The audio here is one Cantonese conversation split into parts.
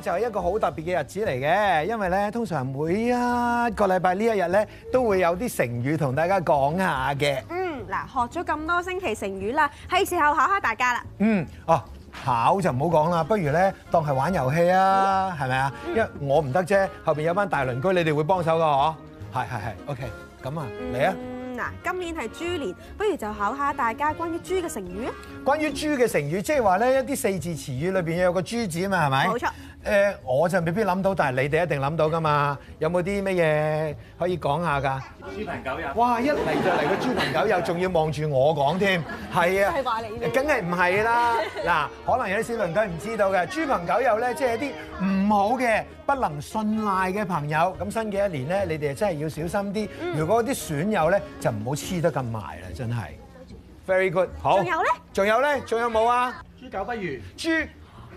就係一個好特別嘅日子嚟嘅，因為咧通常每一個禮拜呢一日咧都會有啲成語同大家講下嘅。嗯，嗱，學咗咁多星期成語啦，係時候考下大家啦。嗯，哦、啊，考就唔好講啦，不如咧當係玩遊戲啊，係咪啊？因為我唔得啫，後邊有班大鄰居，你哋會幫手噶呵。係係係，OK，咁啊，嚟啊、嗯。嗱，嚟啊今年係豬年，不如就考下大家關於豬嘅成語啊。嗯、關於豬嘅成語，即係話咧一啲四字詞語裏邊有個豬字啊嘛，係咪？冇錯。誒我就未必諗到，但係你哋一定諗到噶嘛？有冇啲乜嘢可以講下㗎？豬朋狗友哇！一嚟就嚟個豬朋狗友，仲要望住我講添，係啊，都係話你。梗係唔係啦。嗱，可能有啲小鄰居唔知道嘅豬朋狗友咧，即係啲唔好嘅、不能信賴嘅朋友。咁新嘅一年咧，你哋真係要小心啲。如果啲損友咧，就唔好黐得咁埋啦，真係。Very good。好。仲有咧？仲有咧？仲有冇啊？豬狗不如。豬。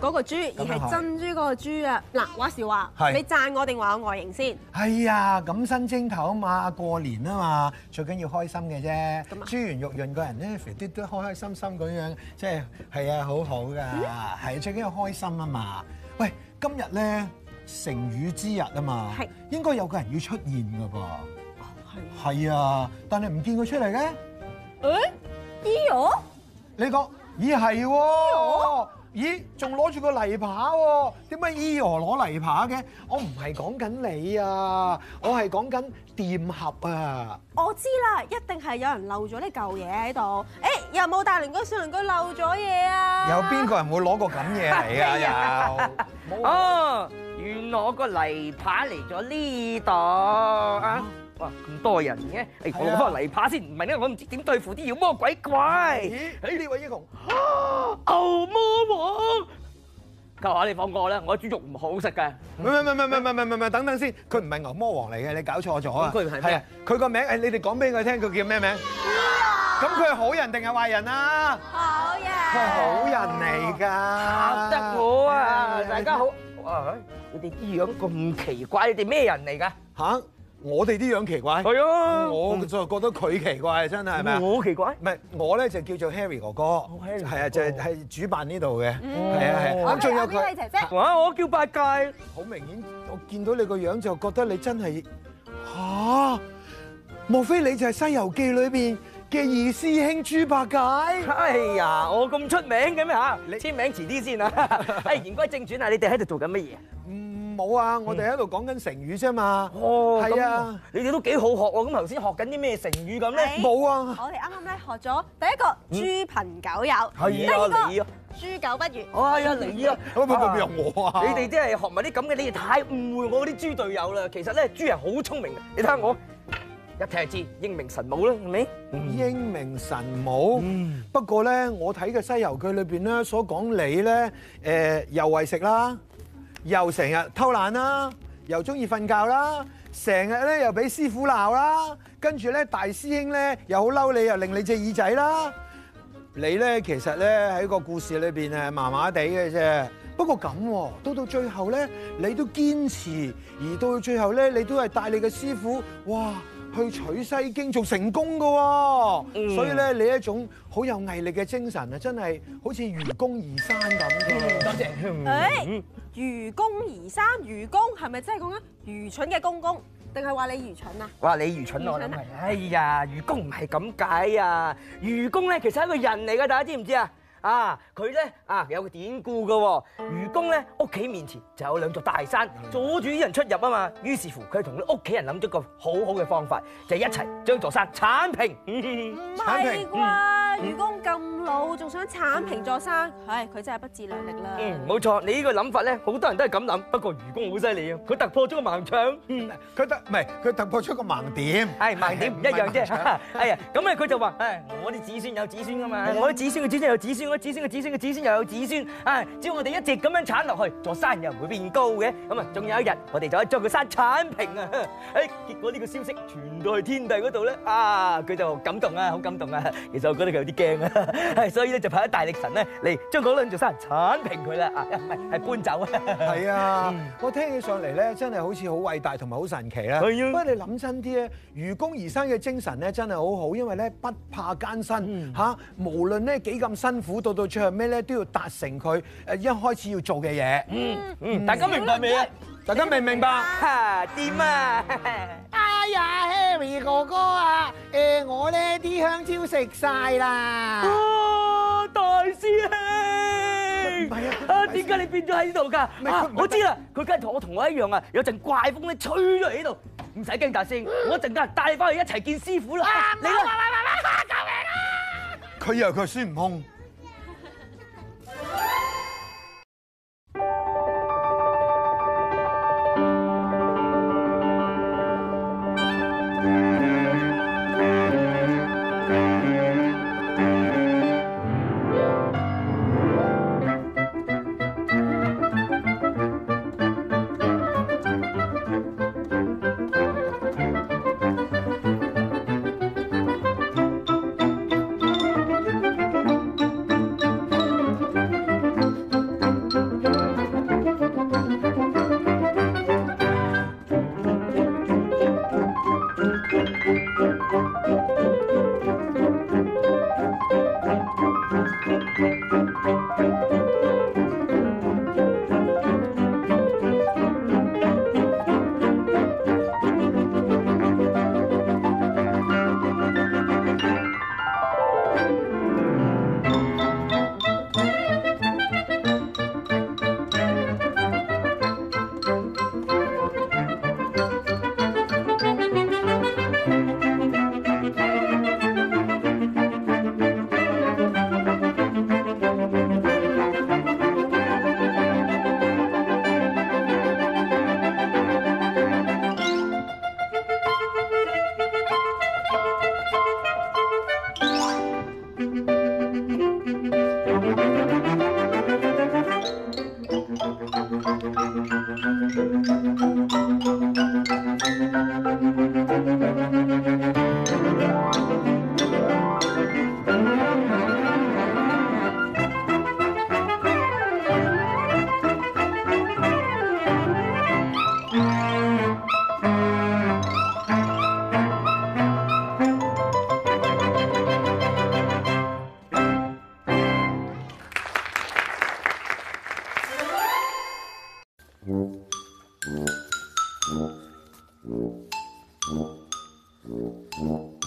嗰個豬，而係珍珠嗰個珠啊！嗱，話時話，你讚我定話我外形先？係啊，咁新正頭啊嘛，過年啊嘛，最緊要開心嘅啫。豬圓肉潤個人咧，肥啲都開開心心咁樣，即係係啊，好好噶，係啊，最緊要開心啊嘛。喂，今日咧成語之日啊嘛，應該有個人要出現噶噃。係。係啊，但係唔見佢出嚟嘅。誒，咦？哦？你講，咦係喎。咦？仲攞住個泥耙喎？點解 e r 攞泥耙嘅？我唔係講緊你啊，我係講緊扂俠啊！我知啦，一定係有人漏咗呢嚿嘢喺度。誒、欸，有冇大鄰居？小鄰居漏咗嘢啊？有邊個人會攞個咁嘢嚟啊？ 哦，原來我個泥耙嚟咗呢度啊！哇，咁多人嘅，誒、欸，我攞翻個泥耙先，唔係因為我唔知點對付啲妖魔鬼怪。誒、欸，呢位英雄。就話你放過我啦，我啲豬肉唔好食嘅。唔唔唔唔唔唔唔唔，麼等等先，佢唔係牛魔王嚟嘅，你搞錯咗啊！佢唔係啊，佢個名誒，你哋講俾佢聽，佢叫咩名？咁佢係好人定係壞人啊？Oh, yeah. 好人。佢係好人嚟㗎。得苦啊！大家好哇！Yeah. 你哋啲樣咁奇怪，你哋咩人嚟㗎？吓？Yeah. 我哋啲樣奇怪，係啊！我就覺得佢奇怪，真係，係咪啊？好奇怪，唔係我咧就叫做 Harry 哥哥，係啊，就係係主辦呢度嘅，係啊係。我仲有佢，我叫八戒。好明顯，我見到你個樣就覺得你真係嚇，莫非你就係《西遊記》裏邊嘅二師兄豬八戒？哎呀，我咁出名嘅咩嚇？你簽名遲啲先啊！誒，言歸正傳啊，你哋喺度做緊乜嘢？冇啊！我哋喺度講緊成語啫嘛。哦，係啊，你哋都幾好學喎。咁頭先學緊啲咩成語咁咧？冇啊。我哋啱啱咧學咗第一個豬朋狗友，第二個豬狗不如。哎呀，你依家咁咪咪由我啊！你哋真係學埋啲咁嘅，你哋太誤會我嗰啲豬隊友啦。其實咧，豬係好聰明嘅。你睇我一提字，英明神武啦，明？英明神武。嗯。不過咧，我睇嘅《西遊記》裏邊咧所講理咧，誒又為食啦。又成日偷懶啦，又中意瞓覺啦，成日咧又俾師傅鬧啦，跟住咧大師兄咧又好嬲你，又令你隻耳仔啦。你咧其實咧喺個故事裏邊係麻麻地嘅啫。不過咁喎，到到最後咧，你都堅持，而到最後咧，你都係帶你嘅師傅哇去取西經，做成功嘅喎。所以咧，你一種好有毅力嘅精神啊，真係好似愚公移山咁嘅。多謝。愚公移山，愚公係咪真係講緊愚蠢嘅公公，定係話你愚蠢啊？話你愚蠢我咯，哎呀，愚公唔係咁解啊！愚公咧其實係一個人嚟嘅，大家知唔知啊？啊，佢咧啊有個典故嘅，愚公咧屋企面前就有兩座大山阻住啲人出入啊嘛。於是乎佢同屋企人諗咗個好好嘅方法，就係、一齊將座山鏟平。唔係啩？愚平、嗯、公咁。仲想剷平座山，唉，佢真係不自量力啦！冇錯，你呢個諗法咧，好多人都係咁諗。不過愚公好犀利啊，佢突破咗個盲腸，佢突唔係佢突破出個盲點，係盲點唔一樣啫。哎呀，咁啊佢就話：，唉，我啲子孫有子孫噶嘛，我啲子孫嘅子孫有子孫，我啲子孫嘅子孫嘅子孫又有子孫。啊，只要我哋一直咁樣剷落去，座山又唔會變高嘅。咁啊，仲有一日，我哋就可以將個山剷平啊！哎，結果呢個消息傳到去天地嗰度咧，啊，佢就感動啊，好感動啊！其實我覺得佢有啲驚啊。係，所以咧就派咗大力神咧嚟將嗰兩座山剷平佢啦啊，唔係係搬走。係啊，我聽起上嚟咧真係好似好偉大同埋好神奇啦。係啊，不過你諗真啲咧，愚公移山嘅精神咧真係好好，因為咧不怕艱辛嚇，嗯、無論咧幾咁辛苦，到到最後咩咧都要達成佢誒一開始要做嘅嘢。嗯嗯，大家明白未啊、嗯？大家明唔明白？嚇點啊？哎呀 Harry 哥哥啊，誒，我咧啲香蕉食晒啦哦、啊，大師兄，係啊，啊，點解你變咗喺呢度噶？啊，我知啦，佢梗係同我同我一樣啊，有陣怪風咧吹咗喺度。唔使驚，大師兄，我一陣間帶你翻去一齊見師傅啦。你啦、啊吧，救命啊！佢以為佢係孫悟空。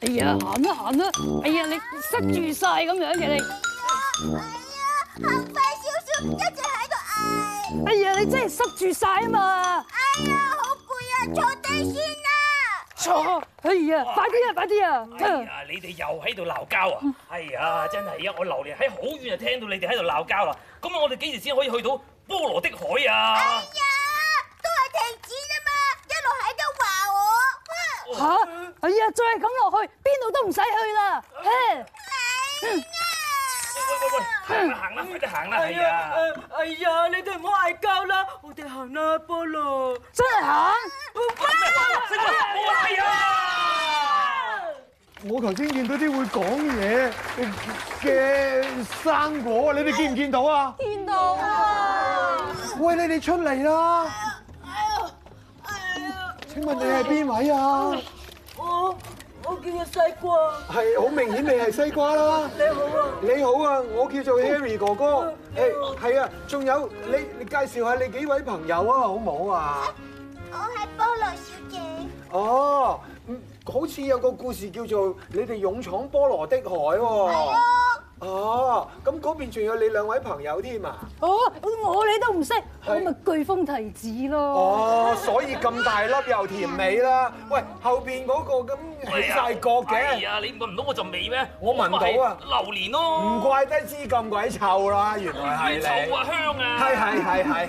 哎呀，行啦行啦，哎呀你塞住晒咁樣嘅你，哎呀，哎呀，行快少少，一直喺度嗌，哎呀你真係塞住晒啊嘛，哎呀。快啲啊！快啲啊！哎呀，你哋又喺度鬧交啊！哎呀，真係的啊，我流連喺好遠就聽到你哋喺度鬧交啦。咁我哋幾時先可以去到波羅的海啊？哎呀，都係停止啦嘛，一路喺度話我。吓、啊，啊、哎呀，再係咁落去，邊度都唔使去啦。啊啊啊行啦行啦，我哋行啦。哎呀，哎呀，你哋唔好嗌交啦，我哋行啦菠蘿。真係行，唔該，唔該呀。我頭先見到啲會講嘢嘅生果，你哋見唔見到啊？見到啊。喂，你哋出嚟啦！哎呀，哎呀，請問你係邊位啊？叫做西瓜係好明顯你係西瓜啦。你好啊，你好啊，我叫做 Harry 哥哥。係係我啊，仲有你你介紹下你幾位朋友啊，好唔好啊？我係菠蘿小姐。哦，oh, 好似有個故事叫做你哋勇闖菠蘿的海。係啊。哦，咁嗰邊仲有你兩位朋友添啊？哦，oh, 我你都唔識。咁咪巨峰提子咯！哦，所以咁大粒又甜美啦。喂，後邊嗰個咁起晒角嘅。係啊、hey, hey, yeah.，你聞唔到嗰陣味咩？我聞到啊。榴蓮咯。唔怪得支咁鬼臭啦，原來係你。咩臭啊香啊？係係係係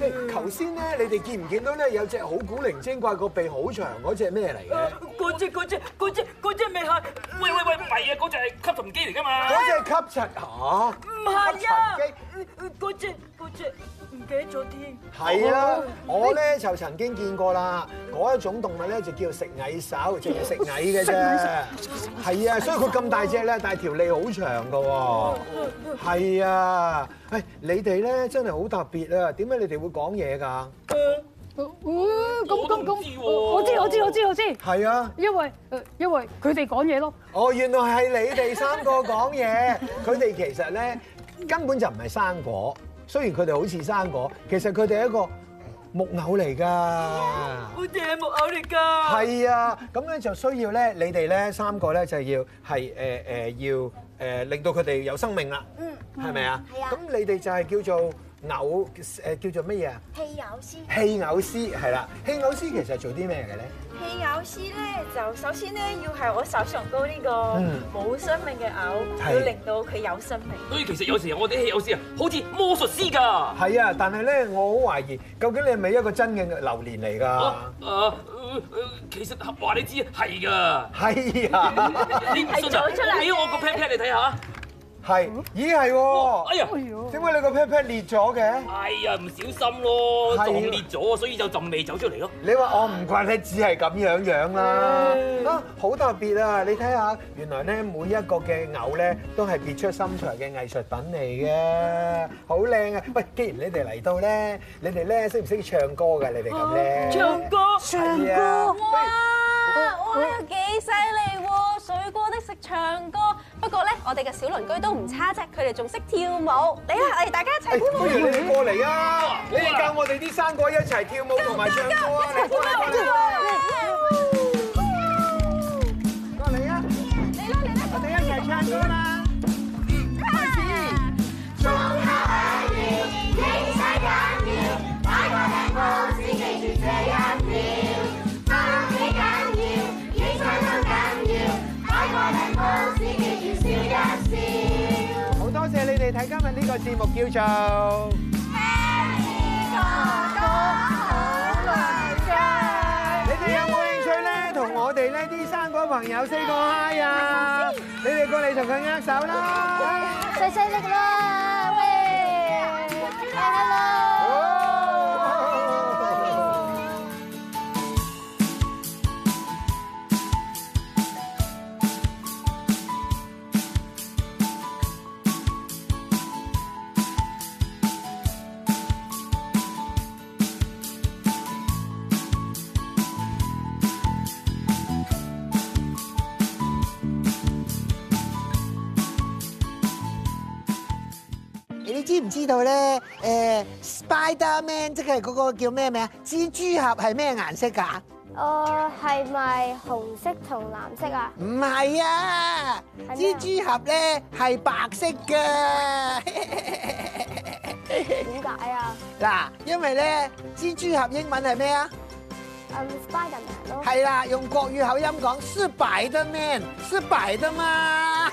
係。頭先咧，你哋見唔見到咧？有隻好古靈精怪個鼻好長嗰隻咩嚟嘅？嗰隻嗰隻嗰隻嗰隻咪係？喂喂喂，唔係啊，嗰隻係吸塵機嚟噶嘛？嗰隻係吸塵，吓？唔係啊。嗰隻隻。記咗添，係啊！我咧就曾經見過啦，嗰一種動物咧就叫食蟻獸，就係食蟻嘅啫。係啊，所以佢咁大隻咧，但係條脷好長㗎喎。係啊，誒你哋咧真係好特別啊！點解你哋會講嘢㗎？咁咁咁。我知我知我知我知。係啊，因為因為佢哋講嘢咯。哦，原來係你哋三個講嘢，佢哋其實咧根本就唔係生果。雖然佢哋好似生果，其實佢哋係一個木偶嚟㗎哇。好正，木偶嚟㗎。係啊，咁樣就需要咧，你哋咧三個咧就要係誒誒要誒令到佢哋有生命啦。嗯，係咪吧是啊？係啊。咁你哋就係叫做。偶誒叫做咩嘢啊？戲偶師，戲偶師係啦，戲偶師其實做啲咩嘅咧？戲偶師咧就首先咧要係我手上高呢個冇生命嘅偶，係要令到佢有生命。所以其實有時候我哋啲戲偶師啊，好似魔術師㗎。係啊，但係咧我好懷疑，究竟你係咪一個真嘅榴槤嚟㗎？啊、呃，其實話你知係㗎。係啊，你做咗出嚟。俾我個 pad pad 嚟睇下。係，咦係喎，哎呀，點解你個 pet pet 裂咗嘅？哎呀，唔小心咯，仲裂咗，所以就仲未走出嚟咯。你話我唔慣咧，只係咁樣樣啦。啊，好特別啊！你睇下，原來咧每一個嘅偶咧都係別出心裁嘅藝術品嚟嘅，好靚啊！喂，既然你哋嚟到咧，你哋咧識唔識唱歌㗎？你哋咁叻，唱歌，唱歌，哇，哇，有幾犀利！唱歌，不過咧，我哋嘅小鄰居都唔差啫，佢哋仲識跳舞。你係大家一齊，不如你過嚟啊！你哋教我哋啲生果一齊跳舞同埋唱歌啊！你過嚟啊！你過嚟啦！我哋一齊唱啦！中秋晚宴，影相晚宴，擺個靚佈，只記住最緊好多謝你哋睇今日呢個節目叫做，你哋有冇興趣咧？同 Yeah. 我哋呢啲生果朋友四個嗨呀！Yeah. 你哋過嚟同佢握手啦 Yeah.，細細力啦！唔知道咧，誒，Spiderman 即係嗰個叫咩名啊？蜘蛛俠係咩顏色㗎？哦，係咪紅色同藍色啊？唔係啊，蜘蛛俠咧係白色㗎。點解啊？嗱，因為咧蜘蛛俠英文係咩、um, 啊？s p i d e r m a n 咯。係啦，用國語口音講，是白的 man，是白的嗎？